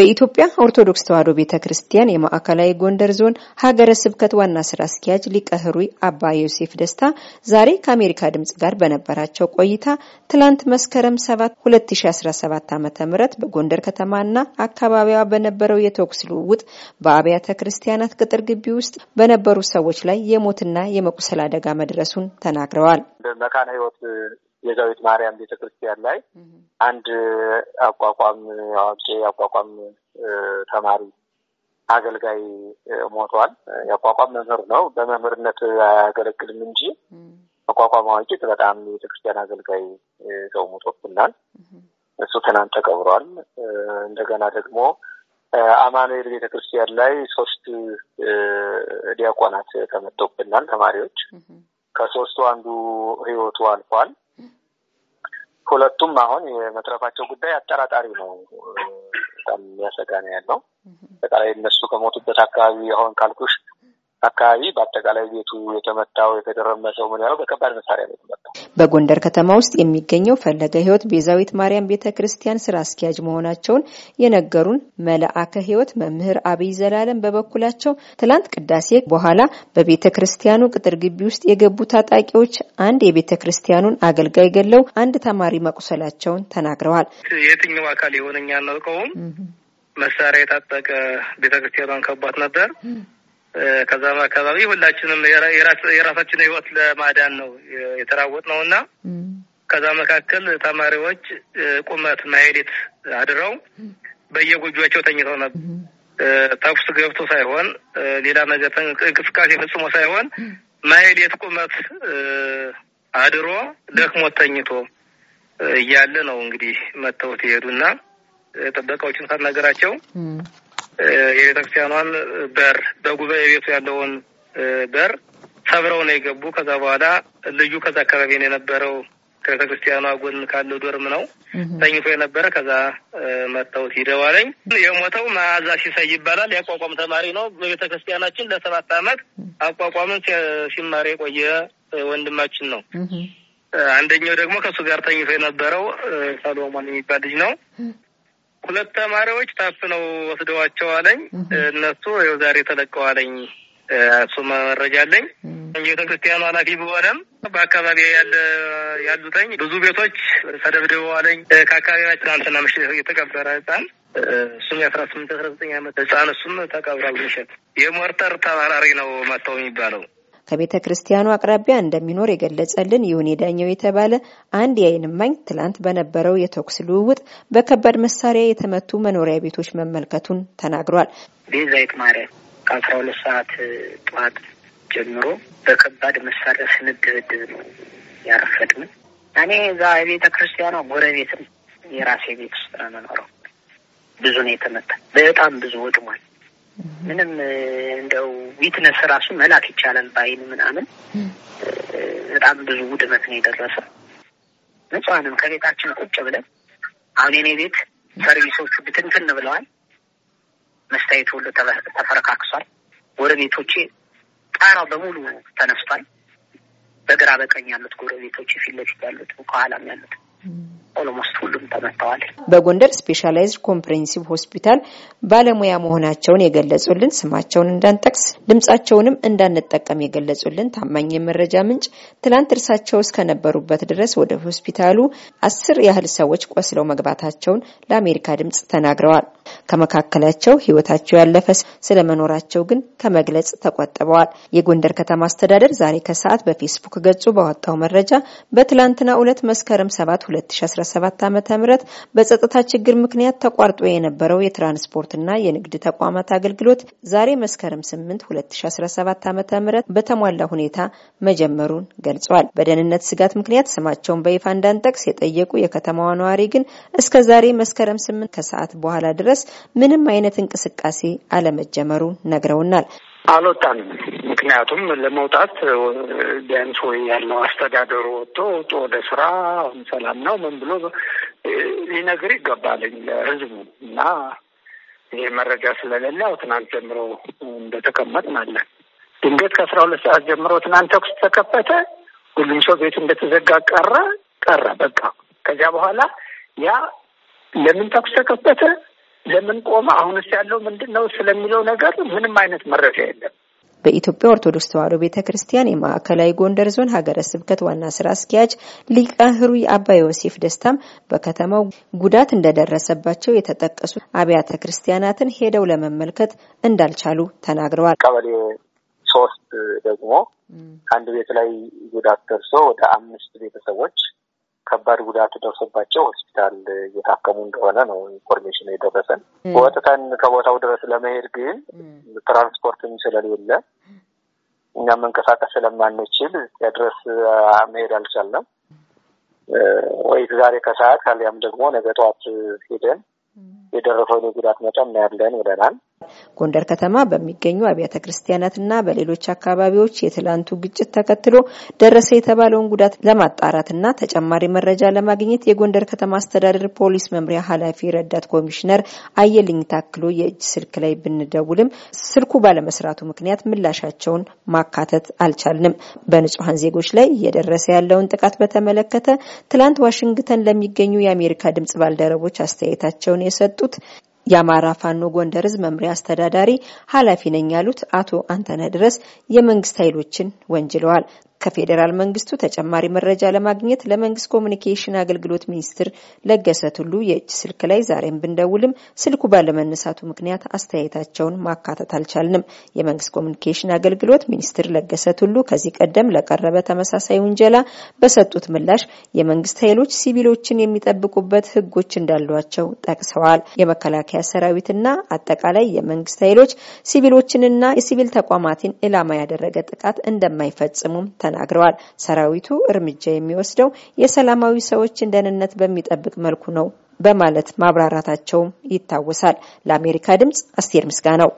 በኢትዮጵያ ኦርቶዶክስ ተዋሕዶ ቤተ ክርስቲያን የማዕከላዊ ጎንደር ዞን ሀገረ ስብከት ዋና ስራ አስኪያጅ ሊቀ አባ ዮሴፍ ደስታ ዛሬ ከአሜሪካ ድምጽ ጋር በነበራቸው ቆይታ ትላንት መስከረም 7 2017 ዓ.ም በጎንደር ከተማና አካባቢዋ በነበረው የተኩስ ልውውጥ በአብያተ ክርስቲያናት ቅጥር ግቢ ውስጥ በነበሩ ሰዎች ላይ የሞትና የመቁሰል አደጋ መድረሱን ተናግረዋል። መካነ ህይወት የዛዊት ማርያም ቤተ ክርስቲያን ላይ አንድ አቋቋም አዋቂ አቋቋም ተማሪ አገልጋይ ሞቷል። የአቋቋም መምህር ነው። በመምህርነት አያገለግልም እንጂ አቋቋም አዋቂ በጣም የቤተክርስቲያን አገልጋይ ሰው ሞቶብናል። እሱ ትናንት ተቀብሯል። እንደገና ደግሞ አማኑኤል ቤተክርስቲያን ላይ ሶስት ዲያቆናት ተመቶብናል ተማሪዎች። ከሶስቱ አንዱ ህይወቱ አልፏል። ሁለቱም አሁን የመትረፋቸው ጉዳይ አጠራጣሪ ነው። በጣም የሚያሰጋ ነው ያለው። አጠቃላይ እነሱ ከሞቱበት አካባቢ አሁን ካልኩሽ አካባቢ በአጠቃላይ ቤቱ የተመታው የተደረመሰው ምን ያለው በከባድ መሳሪያ ነው የተመታው። በጎንደር ከተማ ውስጥ የሚገኘው ፈለገ ህይወት ቤዛዊት ማርያም ቤተ ክርስቲያን ስራ አስኪያጅ መሆናቸውን የነገሩን መልአከ ህይወት መምህር አብይ ዘላለም በበኩላቸው ትላንት ቅዳሴ በኋላ በቤተ ክርስቲያኑ ቅጥር ግቢ ውስጥ የገቡ ታጣቂዎች አንድ የቤተ ክርስቲያኑን አገልጋይ ገለው አንድ ተማሪ መቁሰላቸውን ተናግረዋል። የትኛው አካል የሆነኛ አናውቀውም። መሳሪያ የታጠቀ ቤተክርስቲያኗን ከባት ነበር። ከዛ አካባቢ ሁላችንም የራሳችን ህይወት ለማዳን ነው የተራወጥ ነው እና ከዛ መካከል ተማሪዎች ቁመት ማሄዴት አድረው በየጎጆቸው ተኝተው ነበር። ተኩስ ገብቶ ሳይሆን ሌላ ነገር እንቅስቃሴ ፈጽሞ ሳይሆን ማሄዴት ቁመት አድሮ ደክሞት ተኝቶ እያለ ነው እንግዲህ መተውት ይሄዱና ጥበቃዎችን ሳናገራቸው የቤተክርስቲያኗን በር በጉባኤ ቤቱ ያለውን በር ሰብረው ነው የገቡ። ከዛ በኋላ ልዩ ከዛ አካባቢ ነው የነበረው ከቤተ ክርስቲያኗ ጎን ካለው ዶርም ነው ተኝቶ የነበረ። ከዛ መታወት ሂደዋለኝ። የሞተው መዓዛ ሲሳይ ይባላል። የአቋቋም ተማሪ ነው። በቤተ ክርስቲያናችን ለሰባት ዓመት አቋቋምን ሲማር የቆየ ወንድማችን ነው። አንደኛው ደግሞ ከእሱ ጋር ተኝቶ የነበረው ሰሎሞን የሚባል ልጅ ነው። ሁለት ተማሪዎች ታፍነው አለኝ። እነሱ ይኸው ዛሬ ተለቀዋለኝ። እሱ መረጃ አለኝ። ቤተ ክርስቲያኑ ኃላፊ በሆነም በአካባቢ ያለ ያሉተኝ ብዙ ቤቶች ተደብድበዋለኝ። ከአካባቢያችን ትናንትና ምሽት የተቀበረ ህጻን እሱም የአስራ ስምንት አስራ ዘጠኝ አመት ህጻን እሱም ተቀብሯል። ምሽት የሞርተር ተባራሪ ነው መጥተው የሚባለው ከቤተ ክርስቲያኑ አቅራቢያ እንደሚኖር የገለጸልን ይሁኔ ዳኛው የተባለ አንድ የአይን እማኝ ትላንት በነበረው የተኩስ ልውውጥ በከባድ መሳሪያ የተመቱ መኖሪያ ቤቶች መመልከቱን ተናግሯል። ቤዛይት ማርያም ከአስራ ሁለት ሰዓት ጠዋት ጀምሮ በከባድ መሳሪያ ስንድብድብ ነው ያረፈድም። እኔ እዛ የቤተ ክርስቲያኗ ጎረቤትም የራሴ ቤት ውስጥ ነው መኖረው። ብዙ ነው የተመታ፣ በጣም ብዙ ወድሟል። ምንም እንደው ዊትነስ ራሱ መላክ ይቻላል በአይን ምናምን በጣም ብዙ ውድመት ነው የደረሰ። ንጹሐንም ከቤታችን ቁጭ ብለን አሁን የኔ ቤት ሰርቪሶቹ ብትንትን ብለዋል። መስታየቱ ሁሉ ተፈረካክሷል። ጎረቤቶቼ ጣራው በሙሉ ተነስቷል። በግራ በቀኝ ያሉት ጎረቤቶቼ፣ ፊት ለፊት ያሉት፣ ከኋላም ያሉት ኦልሞስት ሁሉም ተመተዋል። በጎንደር ስፔሻላይዝድ ኮምፕሬሄንሲቭ ሆስፒታል ባለሙያ መሆናቸውን የገለጹልን ስማቸውን እንዳንጠቅስ ድምጻቸውንም እንዳንጠቀም የገለጹልን ታማኝ የመረጃ ምንጭ ትላንት እርሳቸው እስከነበሩበት ድረስ ወደ ሆስፒታሉ አስር ያህል ሰዎች ቆስለው መግባታቸውን ለአሜሪካ ድምጽ ተናግረዋል። ከመካከላቸው ህይወታቸው ያለፈ ስለመኖራቸው ግን ከመግለጽ ተቆጥበዋል። የጎንደር ከተማ አስተዳደር ዛሬ ከሰዓት በፌስቡክ ገጹ ባወጣው መረጃ በትላንትና ዕለት መስከረም 7 2017 ዓ.ም በጸጥታ ችግር ምክንያት ተቋርጦ የነበረው የትራንስፖርትና የንግድ ተቋማት አገልግሎት ዛሬ መስከረም 8 2017 ዓ.ም በተሟላ ሁኔታ መጀመሩን ገልጿል። በደህንነት ስጋት ምክንያት ስማቸውን በይፋ እንዳንጠቅስ የጠየቁ የከተማዋ ነዋሪ ግን እስከ ዛሬ መስከረም 8 ከሰዓት በኋላ ድረስ ድረስ ምንም አይነት እንቅስቃሴ አለመጀመሩ ነግረውናል። አልወጣንም። ምክንያቱም ለመውጣት ቢያንስ ወይ ያለው አስተዳደሩ ወጥቶ ወጡ ወደ ስራ አሁን ሰላም ነው ምን ብሎ ሊነግር ይገባልኝ ለህዝቡ እና ይሄ መረጃ ስለሌለ ያው ትናንት ጀምሮ እንደተቀመጥ አለን። ድንገት ከአስራ ሁለት ሰዓት ጀምሮ ትናንት ተኩስ ተከፈተ። ሁሉም ሰው ቤቱ እንደተዘጋ ቀረ ቀረ በቃ። ከዚያ በኋላ ያ ለምን ተኩስ ተከፈተ ለምን ቆመ፣ አሁንስ ያለው ምንድን ነው ስለሚለው ነገር ምንም አይነት መረጃ የለም። በኢትዮጵያ ኦርቶዶክስ ተዋሕዶ ቤተ ክርስቲያን የማዕከላዊ ጎንደር ዞን ሀገረ ስብከት ዋና ስራ አስኪያጅ ሊቀ ሕሩይ አባ ዮሴፍ ደስታም በከተማው ጉዳት እንደደረሰባቸው የተጠቀሱ አብያተ ክርስቲያናትን ሄደው ለመመልከት እንዳልቻሉ ተናግረዋል። ቀበሌ ሶስት ደግሞ አንድ ቤት ላይ ጉዳት ደርሶ ወደ አምስት ቤተሰቦች ከባድ ጉዳት ደርሶባቸው ሆስፒታል እየታከሙ እንደሆነ ነው ኢንፎርሜሽን የደረሰን። ወጥተን ከቦታው ድረስ ለመሄድ ግን ትራንስፖርትም ስለሌለ እኛ መንቀሳቀስ ስለማንችል ድረስ መሄድ አልቻልንም። ወይ ዛሬ ከሰዓት አሊያም ደግሞ ነገ ጠዋት ሄደን የደረሰውን የጉዳት መጠን እናያለን ብለናል። ጎንደር ከተማ በሚገኙ አብያተ ክርስቲያናትና በሌሎች አካባቢዎች የትላንቱ ግጭት ተከትሎ ደረሰ የተባለውን ጉዳት ለማጣራትና ተጨማሪ መረጃ ለማግኘት የጎንደር ከተማ አስተዳደር ፖሊስ መምሪያ ኃላፊ ረዳት ኮሚሽነር አየልኝ ታክሎ የእጅ ስልክ ላይ ብንደውልም ስልኩ ባለመስራቱ ምክንያት ምላሻቸውን ማካተት አልቻልንም። በንጹሐን ዜጎች ላይ እየደረሰ ያለውን ጥቃት በተመለከተ ትላንት ዋሽንግተን ለሚገኙ የአሜሪካ ድምጽ ባልደረቦች አስተያየታቸውን የሰጡት የአማራ ፋኖ ጎንደር ህዝብ መምሪያ አስተዳዳሪ ኃላፊ ነኝ ያሉት አቶ አንተነህ ድረስ የመንግስት ኃይሎችን ወንጅለዋል። ከፌዴራል መንግስቱ ተጨማሪ መረጃ ለማግኘት ለመንግስት ኮሚኒኬሽን አገልግሎት ሚኒስትር ለገሰ ቱሉ የእጅ ስልክ ላይ ዛሬም ብንደውልም ስልኩ ባለመነሳቱ ምክንያት አስተያየታቸውን ማካተት አልቻልንም። የመንግስት ኮሚኒኬሽን አገልግሎት ሚኒስትር ለገሰ ቱሉ ከዚህ ቀደም ለቀረበ ተመሳሳይ ውንጀላ በሰጡት ምላሽ የመንግስት ኃይሎች ሲቪሎችን የሚጠብቁበት ህጎች እንዳሏቸው ጠቅሰዋል። የመከላከያ ሰራዊትና አጠቃላይ የመንግስት ኃይሎች ሲቪሎችንና የሲቪል ተቋማትን ኢላማ ያደረገ ጥቃት እንደማይፈጽሙም ተ ተናግረዋል። ሰራዊቱ እርምጃ የሚወስደው የሰላማዊ ሰዎችን ደህንነት በሚጠብቅ መልኩ ነው በማለት ማብራራታቸውም ይታወሳል። ለአሜሪካ ድምጽ አስቴር ምስጋ ነው።